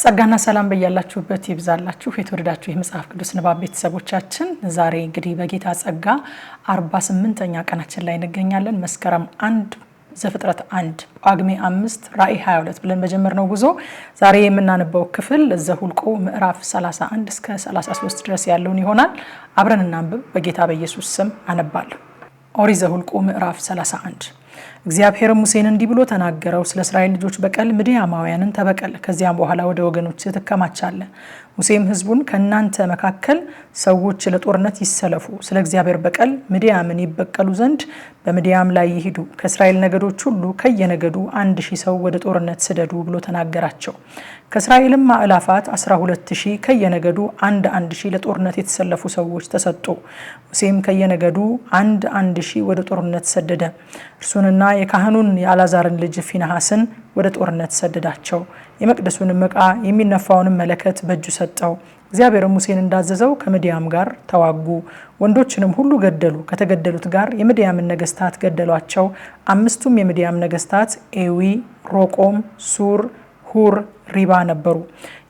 ጸጋና ሰላም በያላችሁበት ይብዛላችሁ የተወደዳችሁ የመጽሐፍ ቅዱስ ንባብ ቤተሰቦቻችን፣ ዛሬ እንግዲህ በጌታ ጸጋ አርባ ኛ ቀናችን ላይ እንገኛለን። መስከረም አንድ ዘፍጥረት አንድ ጳጉሜ አምስት ራእይ 22 ብለን በጀመርነው ጉዞ ዛሬ የምናነበው ክፍል ዘሁልቆ ምዕራፍ 31 እስከ 33 ድረስ ያለውን ይሆናል። አብረን እናንብብ። በጌታ በኢየሱስ ስም አነባለሁ። ኦሪት ዘሁልቆ ምዕራፍ 31 እግዚአብሔር ሙሴን እንዲህ ብሎ ተናገረው፣ ስለ እስራኤል ልጆች በቀል ምድያማውያንን ተበቀል፣ ከዚያም በኋላ ወደ ወገኖች ትከማቻለ። ሙሴም ህዝቡን ከእናንተ መካከል ሰዎች ለጦርነት ይሰለፉ፣ ስለ እግዚአብሔር በቀል ምድያምን ይበቀሉ ዘንድ በምድያም ላይ ይሂዱ፣ ከእስራኤል ነገዶች ሁሉ ከየነገዱ አንድ ሺህ ሰው ወደ ጦርነት ስደዱ ብሎ ተናገራቸው። ከእስራኤልም ማዕላፋት 12 ሺህ ከየነገዱ አንድ አንድ ሺህ ለጦርነት የተሰለፉ ሰዎች ተሰጡ። ሙሴም ከየነገዱ አንድ አንድ ሺህ ወደ ጦርነት ሰደደ። እርሱንና የካህኑን የአላዛርን ልጅ ፊንሐስን ወደ ጦርነት ሰደዳቸው። የመቅደሱንም ዕቃ የሚነፋውንም መለከት በእጁ ሰጠው። እግዚአብሔር ሙሴን እንዳዘዘው ከምድያም ጋር ተዋጉ። ወንዶችንም ሁሉ ገደሉ። ከተገደሉት ጋር የምድያምን ነገስታት ገደሏቸው። አምስቱም የምድያም ነገስታት ኤዊ፣ ሮቆም፣ ሱር ሁር ሪባ ነበሩ።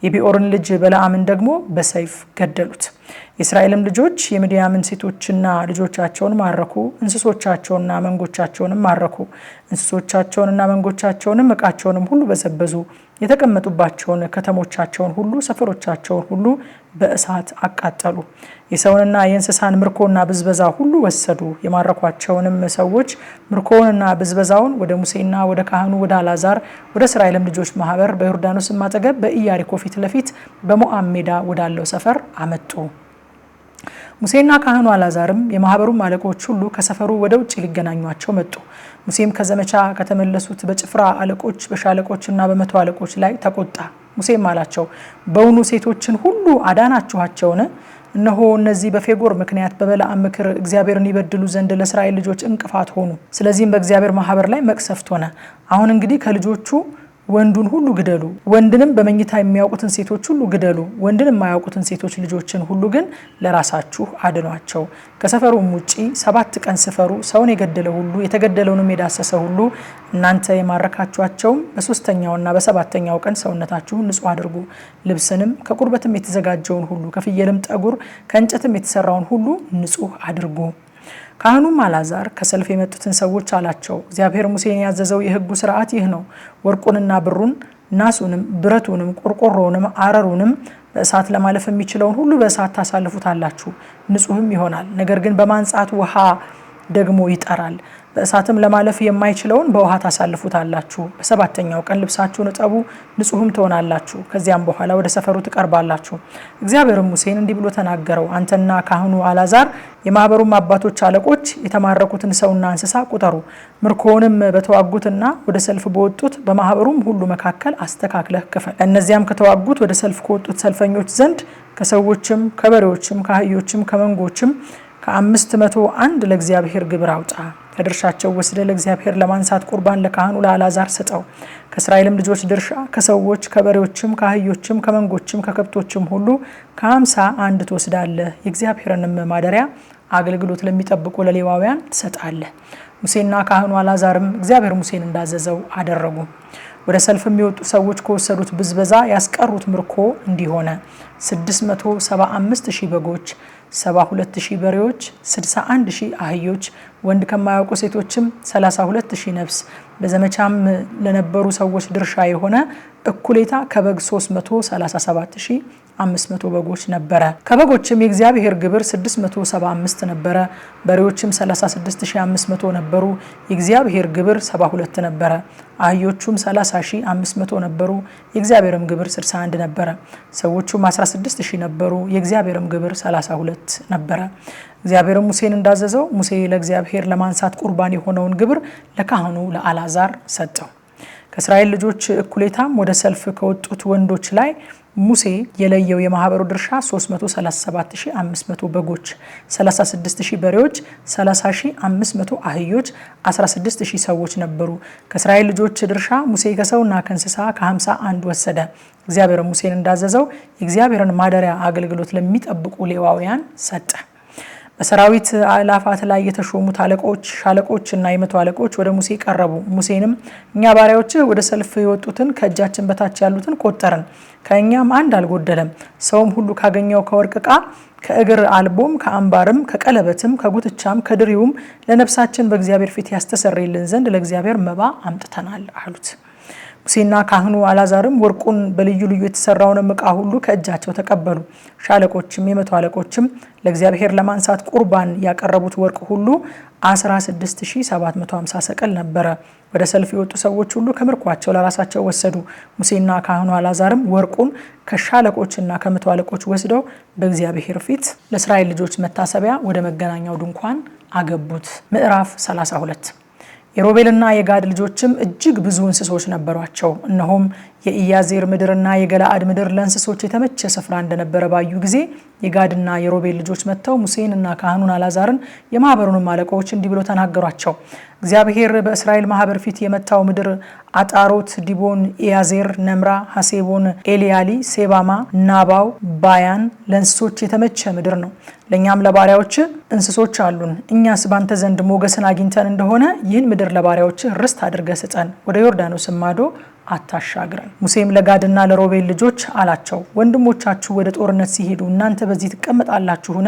የቢኦርን ልጅ በለዓምን ደግሞ በሰይፍ ገደሉት። የእስራኤልም ልጆች የምድያምን ሴቶችና ልጆቻቸውን ማረኩ፣ እንስሶቻቸውንና መንጎቻቸውንም ማረኩ። እንስሶቻቸውንና መንጎቻቸውንም እቃቸውንም ሁሉ በዘበዙ። የተቀመጡባቸውን ከተሞቻቸውን ሁሉ ሰፈሮቻቸውን ሁሉ በእሳት አቃጠሉ። የሰውንና የእንስሳን ምርኮና ብዝበዛ ሁሉ ወሰዱ። የማረኳቸውንም ሰዎች ምርኮውንና ብዝበዛውን ወደ ሙሴና ወደ ካህኑ ወደ አላዛር ወደ እስራኤልም ልጆች ማህበር በዮርዳኖስ ማጠገብ በኢያሪኮ ፊት ለፊት በሞዓብ ሜዳ ወዳለው ሰፈር አመጡ። ሙሴና ካህኑ አላዛርም የማህበሩም አለቆች ሁሉ ከሰፈሩ ወደ ውጭ ሊገናኟቸው መጡ። ሙሴም ከዘመቻ ከተመለሱት በጭፍራ አለቆች በሻለቆችና በመቶ አለቆች ላይ ተቆጣ። ሙሴም አላቸው፣ በውኑ ሴቶችን ሁሉ አዳናችኋቸውን? እነሆ እነዚህ በፌጎር ምክንያት በበለዓም ምክር እግዚአብሔርን ይበድሉ ዘንድ ለእስራኤል ልጆች እንቅፋት ሆኑ። ስለዚህም በእግዚአብሔር ማህበር ላይ መቅሰፍት ሆነ። አሁን እንግዲህ ከልጆቹ ወንዱን ሁሉ ግደሉ፣ ወንድንም በመኝታ የሚያውቁትን ሴቶች ሁሉ ግደሉ፣ ወንድን የማያውቁትን ሴቶች ልጆችን ሁሉ ግን ለራሳችሁ አድኗቸው። ከሰፈሩም ውጪ ሰባት ቀን ስፈሩ። ሰውን የገደለ ሁሉ የተገደለውንም የዳሰሰ ሁሉ እናንተ የማረካችኋቸውም በሶስተኛውና በሰባተኛው ቀን ሰውነታችሁን ንጹሕ አድርጉ። ልብስንም ከቁርበትም የተዘጋጀውን ሁሉ ከፍየልም ጠጉር ከእንጨትም የተሰራውን ሁሉ ንጹህ አድርጉ። ካህኑም አላዛር ከሰልፍ የመጡትን ሰዎች አላቸው፣ እግዚአብሔር ሙሴን ያዘዘው የህጉ ስርዓት ይህ ነው። ወርቁንና ብሩን፣ ናሱንም፣ ብረቱንም፣ ቆርቆሮውንም፣ አረሩንም በእሳት ለማለፍ የሚችለውን ሁሉ በእሳት ታሳልፉታላችሁ፣ ንጹህም ይሆናል። ነገር ግን በማንጻት ውሃ ደግሞ ይጠራል። በእሳትም ለማለፍ የማይችለውን በውሃ ታሳልፉታላችሁ። በሰባተኛው ቀን ልብሳችሁን እጠቡ፣ ንጹህም ትሆናላችሁ። ከዚያም በኋላ ወደ ሰፈሩ ትቀርባላችሁ። እግዚአብሔርም ሙሴን እንዲህ ብሎ ተናገረው። አንተና ካህኑ አላዛር የማህበሩም አባቶች አለቆች የተማረኩትን ሰውና እንስሳ ቁጠሩ። ምርኮውንም በተዋጉትና ወደ ሰልፍ በወጡት በማህበሩም ሁሉ መካከል አስተካክለህ ክፈል። እነዚያም ከተዋጉት ወደ ሰልፍ ከወጡት ሰልፈኞች ዘንድ ከሰዎችም፣ ከበሬዎችም፣ ከአህዮችም፣ ከመንጎችም ከአምስት መቶ አንድ ለእግዚአብሔር ግብር አውጣ ከድርሻቸው ወስደ ለእግዚአብሔር ለማንሳት ቁርባን ለካህኑ ለአላዛር ሰጠው ከእስራኤልም ልጆች ድርሻ ከሰዎች ከበሬዎችም ከአህዮችም ከመንጎችም ከከብቶችም ሁሉ ከአምሳ አንድ ትወስዳለህ። የእግዚአብሔርንም ማደሪያ አገልግሎት ለሚጠብቁ ለሌዋውያን ትሰጣለህ። ሙሴና ካህኑ አላዛርም እግዚአብሔር ሙሴን እንዳዘዘው አደረጉ። ወደ ሰልፍ የሚወጡ ሰዎች ከወሰዱት ብዝበዛ ያስቀሩት ምርኮ እንዲሆነ 675 ሺህ በጎች፣ 72 ሺህ በሬዎች፣ 61 ሺህ አህዮች፣ ወንድ ከማያውቁ ሴቶችም 32 ሺህ ነፍስ፣ በዘመቻም ለነበሩ ሰዎች ድርሻ የሆነ እኩሌታ ከበግ 337 ሺህ 500 በጎች ነበረ። ከበጎችም የእግዚአብሔር ግብር 675 ነበረ። በሬዎችም 36500 ነበሩ። የእግዚአብሔር ግብር 72 ነበረ። አህዮቹም 30500 ነበሩ። የእግዚአብሔርም ግብር 61 ነበረ። ሰዎቹም 16000 ነበሩ። የእግዚአብሔርም ግብር 32 ነበረ። እግዚአብሔር ሙሴን እንዳዘዘው ሙሴ ለእግዚአብሔር ለማንሳት ቁርባን የሆነውን ግብር ለካህኑ ለአልዓዛር ሰጠው። ከእስራኤል ልጆች እኩሌታም ወደ ሰልፍ ከወጡት ወንዶች ላይ ሙሴ የለየው የማህበሩ ድርሻ 337500 በጎች፣ 36000 በሬዎች፣ 30500 አህዮች፣ 16000 ሰዎች ነበሩ። ከእስራኤል ልጆች ድርሻ ሙሴ ከሰውና ከእንስሳ ከ 51 ወሰደ። እግዚአብሔር ሙሴን እንዳዘዘው የእግዚአብሔርን ማደሪያ አገልግሎት ለሚጠብቁ ሌዋውያን ሰጠ። በሰራዊት አእላፋት ላይ የተሾሙት አለቆች፣ ሻለቆች እና የመቶ አለቆች ወደ ሙሴ ቀረቡ። ሙሴንም እኛ ባሪያዎችህ ወደ ሰልፍ የወጡትን ከእጃችን በታች ያሉትን ቆጠርን፣ ከእኛም አንድ አልጎደለም። ሰውም ሁሉ ካገኘው ከወርቅ ዕቃ ከእግር አልቦም ከአምባርም ከቀለበትም ከጉትቻም ከድሪውም ለነፍሳችን በእግዚአብሔር ፊት ያስተሰርይልን ዘንድ ለእግዚአብሔር መባ አምጥተናል አሉት። ሙሴና ካህኑ አላዛርም ወርቁን በልዩ ልዩ የተሰራውንም ዕቃ ሁሉ ከእጃቸው ተቀበሉ። ሻለቆችም የመቶ አለቆችም ለእግዚአብሔር ለማንሳት ቁርባን ያቀረቡት ወርቅ ሁሉ 16750 ሰቀል ነበረ። ወደ ሰልፍ የወጡ ሰዎች ሁሉ ከምርኳቸው ለራሳቸው ወሰዱ። ሙሴና ካህኑ አላዛርም ወርቁን ከሻለቆችና ከመቶ አለቆች ወስደው በእግዚአብሔር ፊት ለእስራኤል ልጆች መታሰቢያ ወደ መገናኛው ድንኳን አገቡት። ምዕራፍ 32 የሮቤልና የጋድ ልጆችም እጅግ ብዙ እንስሶች ነበሯቸው። እነሆም የኢያዜር ምድርና የገላአድ ምድር ለእንስሶች የተመቸ ስፍራ እንደነበረ ባዩ ጊዜ የጋድና የሮቤል ልጆች መጥተው ሙሴንና ካህኑን አላዛርን የማህበሩንም አለቃዎች እንዲህ ብሎ ተናገሯቸው። እግዚአብሔር በእስራኤል ማህበር ፊት የመታው ምድር አጣሮት፣ ዲቦን፣ ኢያዜር፣ ነምራ፣ ሐሴቦን፣ ኤልያሊ፣ ሴባማ፣ ናባው፣ ባያን ለእንስሶች የተመቸ ምድር ነው። ለእኛም ለባሪያዎች እንስሶች አሉን። እኛስ ባንተ ዘንድ ሞገስን አግኝተን እንደሆነ ይህን ምድር ለባሪያዎች ርስት አድርገ ስጠን። ወደ ዮርዳኖስ ማዶ አታሻግረን። ሙሴም ለጋድና ለሮቤል ልጆች አላቸው፣ ወንድሞቻችሁ ወደ ጦርነት ሲሄዱ እናንተ በዚህ ትቀመጣላችሁን?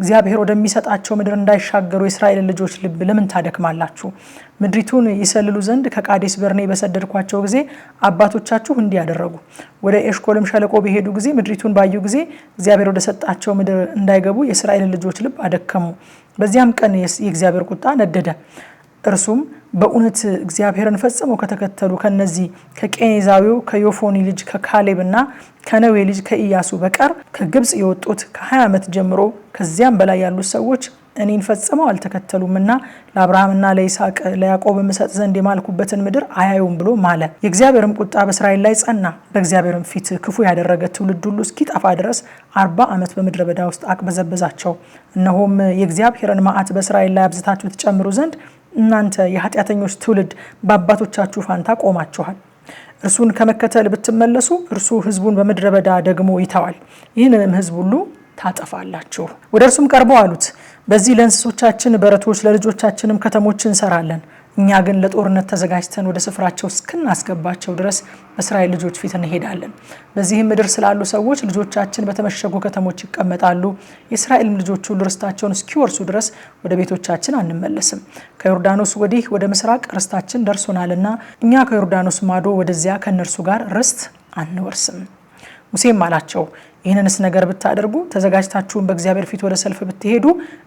እግዚአብሔር ወደሚሰጣቸው ምድር እንዳይሻገሩ የእስራኤል ልጆች ልብ ለምን ታደክማላችሁ? ምድሪቱን ይሰልሉ ዘንድ ከቃዴስ በርኔ በሰደድኳቸው ጊዜ አባቶቻችሁ እንዲህ ያደረጉ። ወደ ኤሽኮልም ሸለቆ በሄዱ ጊዜ ምድሪቱን ባዩ ጊዜ እግዚአብሔር ወደ ሰጣቸው ምድር እንዳይገቡ የእስራኤል ልጆች ልብ አደከሙ። በዚያም ቀን የእግዚአብሔር ቁጣ ነደደ። እርሱም በእውነት እግዚአብሔርን ፈጽመው ከተከተሉ ከነዚህ ከቄኔዛዊው ከዮፎኒ ልጅ ከካሌብ እና ከነዌ ልጅ ከኢያሱ በቀር ከግብፅ የወጡት ከ20 ዓመት ጀምሮ ከዚያም በላይ ያሉት ሰዎች እኔን ፈጽመው አልተከተሉምና ለአብርሃምና ለይስሐቅ ለያዕቆብ ምሰጥ ዘንድ የማልኩበትን ምድር አያዩም ብሎ ማለ። የእግዚአብሔርም ቁጣ በእስራኤል ላይ ጸና። በእግዚአብሔርም ፊት ክፉ ያደረገ ትውልድ ሁሉ እስኪጠፋ ድረስ አርባ ዓመት በምድረ በዳ ውስጥ አቅበዘበዛቸው። እነሆም የእግዚአብሔርን መዓት በእስራኤል ላይ አብዝታችሁ ትጨምሩ ዘንድ እናንተ የኃጢአተኞች ትውልድ በአባቶቻችሁ ፋንታ ቆማችኋል። እርሱን ከመከተል ብትመለሱ እርሱ ህዝቡን በምድረ በዳ ደግሞ ይተዋል፣ ይህንንም ህዝብ ሁሉ ታጠፋላችሁ። ወደ እርሱም ቀርበው አሉት፣ በዚህ ለእንስሶቻችን በረቶች ለልጆቻችንም ከተሞች እንሰራለን እኛ ግን ለጦርነት ተዘጋጅተን ወደ ስፍራቸው እስክናስገባቸው ድረስ በእስራኤል ልጆች ፊት እንሄዳለን። በዚህም ምድር ስላሉ ሰዎች ልጆቻችን በተመሸጉ ከተሞች ይቀመጣሉ። የእስራኤልም ልጆች ሁሉ ርስታቸውን እስኪወርሱ ድረስ ወደ ቤቶቻችን አንመለስም። ከዮርዳኖስ ወዲህ ወደ ምስራቅ ርስታችን ደርሶናልና እኛ ከዮርዳኖስ ማዶ ወደዚያ ከእነርሱ ጋር ርስት አንወርስም። ሙሴም አላቸው ይህንንስ ነገር ብታደርጉ ተዘጋጅታችሁን በእግዚአብሔር ፊት ወደ ሰልፍ ብትሄዱ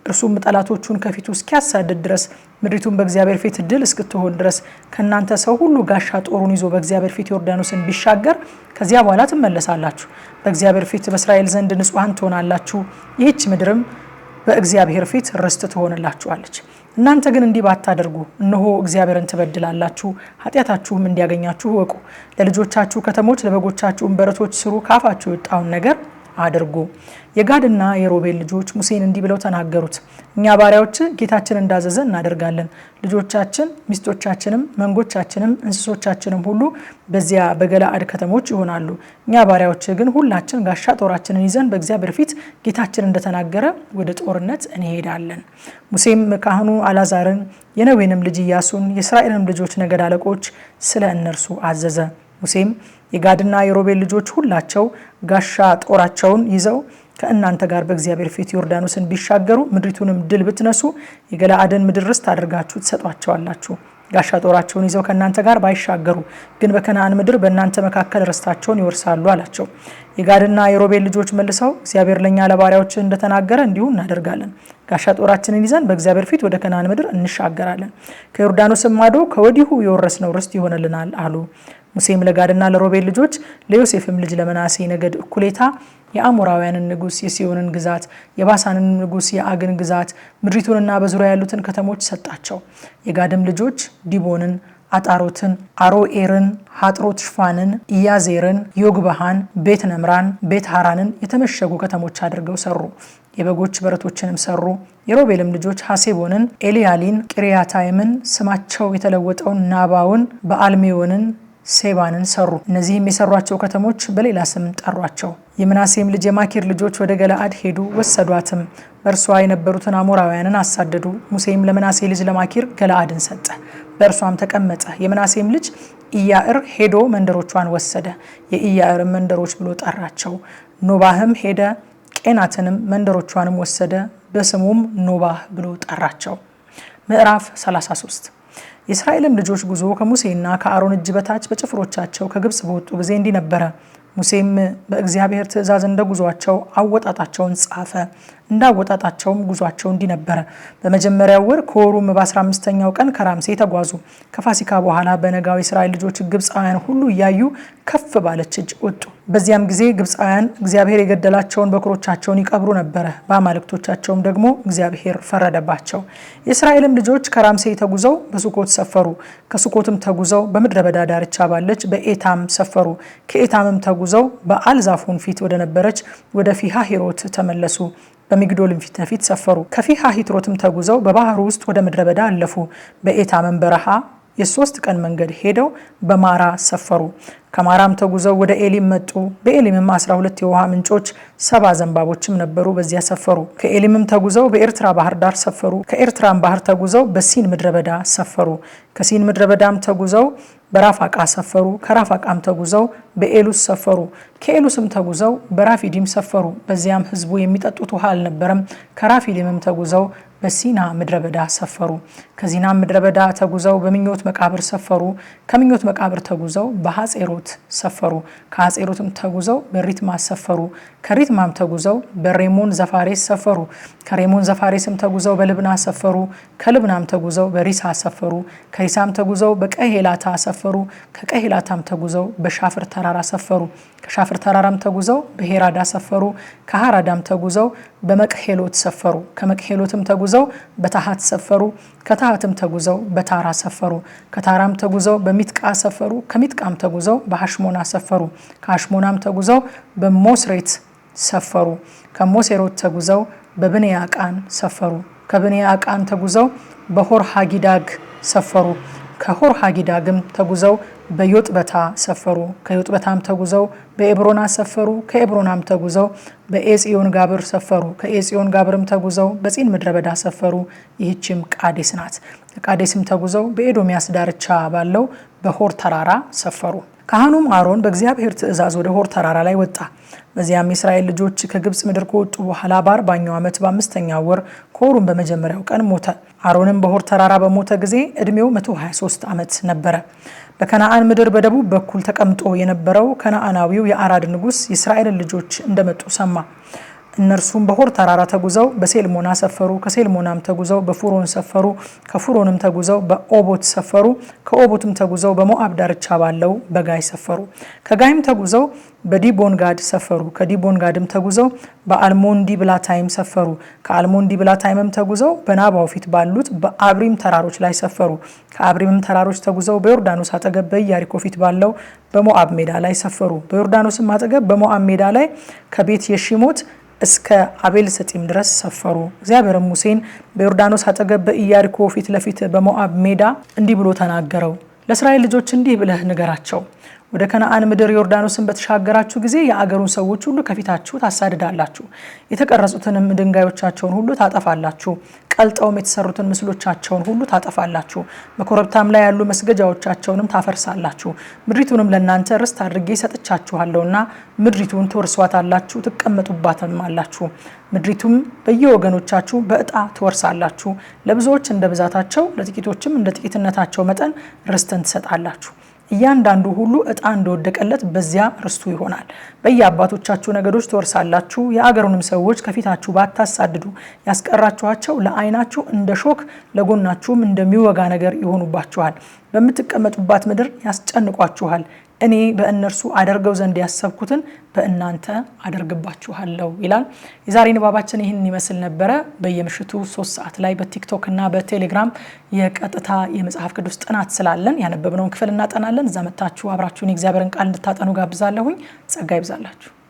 እርሱም ጠላቶቹን ከፊቱ እስኪያሳድድ ድረስ ምድሪቱን በእግዚአብሔር ፊት ድል እስክትሆን ድረስ ከእናንተ ሰው ሁሉ ጋሻ ጦሩን ይዞ በእግዚአብሔር ፊት ዮርዳኖስን ቢሻገር ከዚያ በኋላ ትመለሳላችሁ፣ በእግዚአብሔር ፊት በእስራኤል ዘንድ ንጹሐን ትሆናላችሁ፣ ይህች ምድርም በእግዚአብሔር ፊት ርስት ትሆንላችኋለች። እናንተ ግን እንዲህ ባታደርጉ እነሆ እግዚአብሔርን ትበድላላችሁ፣ ኃጢአታችሁም እንዲያገኛችሁ እወቁ። ለልጆቻችሁ ከተሞች ለበጎቻችሁም በረቶች ስሩ። ካፋችሁ የወጣውን ነገር አድርጉ። የጋድና የሮቤል ልጆች ሙሴን እንዲህ ብለው ተናገሩት፣ እኛ ባሪያዎች ጌታችን እንዳዘዘ እናደርጋለን። ልጆቻችን፣ ሚስቶቻችንም፣ መንጎቻችንም እንስሶቻችንም ሁሉ በዚያ በገላአድ ከተሞች ይሆናሉ። እኛ ባሪያዎች ግን ሁላችን ጋሻ ጦራችንን ይዘን በእግዚአብሔር ፊት ጌታችን እንደተናገረ ወደ ጦርነት እንሄዳለን። ሙሴም ካህኑ አላዛርን፣ የነዌንም ልጅ ኢያሱን፣ የእስራኤልንም ልጆች ነገድ አለቆች ስለ እነርሱ አዘዘ። ሙሴም የጋድና የሮቤል ልጆች ሁላቸው ጋሻ ጦራቸውን ይዘው ከእናንተ ጋር በእግዚአብሔር ፊት ዮርዳኖስን ቢሻገሩ ምድሪቱንም ድል ብትነሱ የገላአደን ምድር ርስት አድርጋችሁ ትሰጧቸዋላችሁ። ጋሻ ጦራቸውን ይዘው ከእናንተ ጋር ባይሻገሩ ግን በከነአን ምድር በእናንተ መካከል ርስታቸውን ይወርሳሉ አላቸው። የጋድና የሮቤል ልጆች መልሰው እግዚአብሔር ለእኛ ለባሪያዎች እንደተናገረ እንዲሁ እናደርጋለን። ጋሻ ጦራችንን ይዘን በእግዚአብሔር ፊት ወደ ከናን ምድር እንሻገራለን፣ ከዮርዳኖስም ማዶ ከወዲሁ የወረስነው ርስት ይሆንልናል አሉ። ሙሴም ለጋድና ለሮቤል ልጆች ለዮሴፍም ልጅ ለመናሴ ነገድ እኩሌታ የአሞራውያንን ንጉስ የሲዮንን ግዛት የባሳንን ንጉስ የአግን ግዛት ምድሪቱንና በዙሪያ ያሉትን ከተሞች ሰጣቸው። የጋድም ልጆች ዲቦንን አጣሮትን፣ አሮኤርን፣ ሀጥሮት ሽፋንን፣ ኢያዜርን፣ ዮግባሃን፣ ቤት ነምራን፣ ቤት ሀራንን የተመሸጉ ከተሞች አድርገው ሰሩ። የበጎች በረቶችንም ሰሩ። የሮቤልም ልጆች ሐሴቦንን፣ ኤልያሊን፣ ቅሪያታይምን፣ ስማቸው የተለወጠውን ናባውን፣ በአልሜዮንን፣ ሴባንን ሰሩ። እነዚህም የሰሯቸው ከተሞች በሌላ ስም ጠሯቸው። የምናሴም ልጅ የማኪር ልጆች ወደ ገለአድ ሄዱ፣ ወሰዷትም። በእርሷ የነበሩትን አሞራውያንን አሳደዱ። ሙሴም ለምናሴ ልጅ ለማኪር ገለአድን ሰጠ። በእርሷም ተቀመጠ። የምናሴም ልጅ ኢያዕር ሄዶ መንደሮቿን ወሰደ፣ የኢያዕር መንደሮች ብሎ ጠራቸው። ኖባህም ሄደ፣ ቄናትንም መንደሮቿንም ወሰደ፣ በስሙም ኖባህ ብሎ ጠራቸው። ምዕራፍ 33 የእስራኤልም ልጆች ጉዞ ከሙሴና ከአሮን እጅ በታች በጭፍሮቻቸው ከግብፅ በወጡ ጊዜ እንዲህ ነበረ። ሙሴም በእግዚአብሔር ትእዛዝ እንደ ጉዟቸው አወጣጣቸውን ጻፈ። እንዳወጣጣቸውም ጉዟቸው እንዲህ ነበረ። በመጀመሪያው ወር ከወሩም በ15ኛው ቀን ከራምሴ ተጓዙ። ከፋሲካ በኋላ በነጋው የእስራኤል ልጆች ግብፃውያን ሁሉ እያዩ ከፍ ባለች እጅ ወጡ። በዚያም ጊዜ ግብፃውያን እግዚአብሔር የገደላቸውን በኩሮቻቸውን ይቀብሩ ነበረ። በአማልክቶቻቸውም ደግሞ እግዚአብሔር ፈረደባቸው። የእስራኤልም ልጆች ከራምሴ ተጉዘው በሱኮት ሰፈሩ። ከሱኮትም ተጉዘው በምድረ በዳ ዳርቻ ባለች በኤታም ሰፈሩ። ከኤታምም ተጉዘው በአልዛፎን ፊት ወደነበረች ወደ ፊሃ ሂሮት ተመለሱ። በሚግዶልም ፊት ለፊት ሰፈሩ። ከፊሃ ሂትሮትም ተጉዘው በባህር ውስጥ ወደ ምድረ በዳ አለፉ። በኤታምን በረሃ የሶስት ቀን መንገድ ሄደው በማራ ሰፈሩ። ከማራም ተጉዘው ወደ ኤሊም መጡ። በኤሊምም 12 የውሃ ምንጮች፣ ሰባ ዘንባቦችም ነበሩ፣ በዚያ ሰፈሩ። ከኤሊምም ተጉዘው በኤርትራ ባህር ዳር ሰፈሩ። ከኤርትራም ባህር ተጉዘው በሲን ምድረ በዳ ሰፈሩ። ከሲን ምድረ በዳም ተጉዘው በራፋቃ ሰፈሩ። ከራፋቃም ተጉዘው በኤሉስ ሰፈሩ። ከኤሉስም ተጉዘው በራፊዲም ሰፈሩ። በዚያም ህዝቡ የሚጠጡት ውሃ አልነበረም። ከራፊዲምም ተጉዘው በሲና ምድረ በዳ ሰፈሩ። ከሲና ምድረ በዳ ተጉዘው በምኞት መቃብር ሰፈሩ። ከምኞት መቃብር ተጉዘው በሐጼሮት ሰፈሩ። ከሐጼሮትም ተጉዘው በሪትማ ሰፈሩ። ከሪትማም ተጉዘው በሬሞን ዘፋሬስ ሰፈሩ። ከሬሞን ዘፋሬስም ተጉዘው በልብና ሰፈሩ። ከልብናም ተጉዘው በሪሳ ሰፈሩ። ከሪሳም ተጉዘው በቀሄላታ ሰፈሩ። ከቀሄላታም ተጉዘው በሻፍር ተራራ ሰፈሩ። ከሻፍር ተራራም ተጉዘው በሄራዳ ሰፈሩ። ከሃራዳም ተጉዘው በመቅሄሎት ሰፈሩ። ከመቅሄሎትም ተጉ ተጉዘው በታሃት ሰፈሩ። ከታሃትም ተጉዘው በታራ ሰፈሩ። ከታራም ተጉዘው በሚጥቃ ሰፈሩ። ከሚጥቃም ተጉዘው በሐሽሞና ሰፈሩ። ከሐሽሞናም ተጉዘው በሞስሬት ሰፈሩ። ከሞሴሮት ተጉዘው በብንያቃን ሰፈሩ። ከብንያቃን ተጉዘው በሆር ሃጊዳግ ሰፈሩ። ከሆር ሃጊዳግም ተጉዘው በዮጥበታ ሰፈሩ፣ ከዮጥበታም ተጉዘው በኤብሮና ሰፈሩ ከኤብሮናም ተጉዘው በኤጽዮን ጋብር ሰፈሩ፣ ከኤጽዮን ጋብርም ተጉዘው በጺን ምድረ በዳ ሰፈሩ። ይህችም ቃዴስ ናት። ከቃዴስም ተጉዘው በኤዶሚያስ ዳርቻ ባለው በሆር ተራራ ሰፈሩ። ካህኑም አሮን በእግዚአብሔር ትእዛዝ ወደ ሆር ተራራ ላይ ወጣ። በዚያም የእስራኤል ልጆች ከግብፅ ምድር ከወጡ በኋላ በአርባኛው ዓመት በአምስተኛ ወር ከወሩም በመጀመሪያው ቀን ሞተ። አሮንም በሆር ተራራ በሞተ ጊዜ ዕድሜው 123 ዓመት ነበረ። በከነአን ምድር በደቡብ በኩል ተቀምጦ የነበረው ከነአናዊው የአራድ ንጉስ የእስራኤልን ልጆች እንደመጡ ሰማ። እነርሱም በሆር ተራራ ተጉዘው በሴልሞና ሰፈሩ። ከሴልሞናም ተጉዘው በፉሮን ሰፈሩ። ከፉሮንም ተጉዘው በኦቦት ሰፈሩ። ከኦቦትም ተጉዘው በሞአብ ዳርቻ ባለው በጋይ ሰፈሩ። ከጋይም ተጉዘው በዲቦን ጋድ ሰፈሩ። ከዲቦን ተጉዘው በአልሞንዲ ብላታይም ሰፈሩ። ከአልሞንዲ ብላታይምም ተጉዘው በናባው ፊት ባሉት በአብሪም ተራሮች ላይ ሰፈሩ። ከአብሪምም ተራሮች ተጉዘው በዮርዳኖስ አጠገብ በኢያሪኮ ፊት ባለው በሞአብ ሜዳ ላይ ሰፈሩ። በዮርዳኖስም አጠገብ በሞአብ ሜዳ ላይ ከቤት የሺሞት እስከ አቤል ሰጢም ድረስ ሰፈሩ። እግዚአብሔርም ሙሴን በዮርዳኖስ አጠገብ በኢያሪኮ ፊት ለፊት በሞአብ ሜዳ እንዲህ ብሎ ተናገረው። ለእስራኤል ልጆች እንዲህ ብለህ ንገራቸው ወደ ከነአን ምድር ዮርዳኖስን በተሻገራችሁ ጊዜ የአገሩን ሰዎች ሁሉ ከፊታችሁ ታሳድዳላችሁ፣ የተቀረጹትንም ድንጋዮቻቸውን ሁሉ ታጠፋላችሁ፣ ቀልጠውም የተሰሩትን ምስሎቻቸውን ሁሉ ታጠፋላችሁ፣ በኮረብታም ላይ ያሉ መስገጃዎቻቸውንም ታፈርሳላችሁ። ምድሪቱንም ለእናንተ ርስት አድርጌ ሰጥቻችኋለሁና ምድሪቱን ትወርሷታላችሁ፣ ትቀመጡባትም አላችሁ። ምድሪቱም በየወገኖቻችሁ በእጣ ትወርሳላችሁ። ለብዙዎች እንደ ብዛታቸው፣ ለጥቂቶችም እንደ ጥቂትነታቸው መጠን ርስትን ትሰጣላችሁ። እያንዳንዱ ሁሉ እጣ እንደወደቀለት በዚያ ርስቱ ይሆናል። በየአባቶቻችሁ ነገዶች ትወርሳላችሁ። የአገሩንም ሰዎች ከፊታችሁ ባታሳድዱ ያስቀራችኋቸው ለዓይናችሁ እንደ ሾክ ለጎናችሁም እንደሚወጋ ነገር ይሆኑባችኋል። በምትቀመጡባት ምድር ያስጨንቋችኋል። እኔ በእነርሱ አደርገው ዘንድ ያሰብኩትን በእናንተ አደርግባችኋለሁ ይላል። የዛሬ ንባባችን ይህን ይመስል ነበረ። በየምሽቱ ሶስት ሰዓት ላይ በቲክቶክ እና በቴሌግራም የቀጥታ የመጽሐፍ ቅዱስ ጥናት ስላለን ያነበብነውን ክፍል እናጠናለን። እዛ መታችሁ አብራችሁን የእግዚአብሔርን ቃል እንድታጠኑ ጋብዛለሁኝ። ጸጋ ይብዛላችሁ።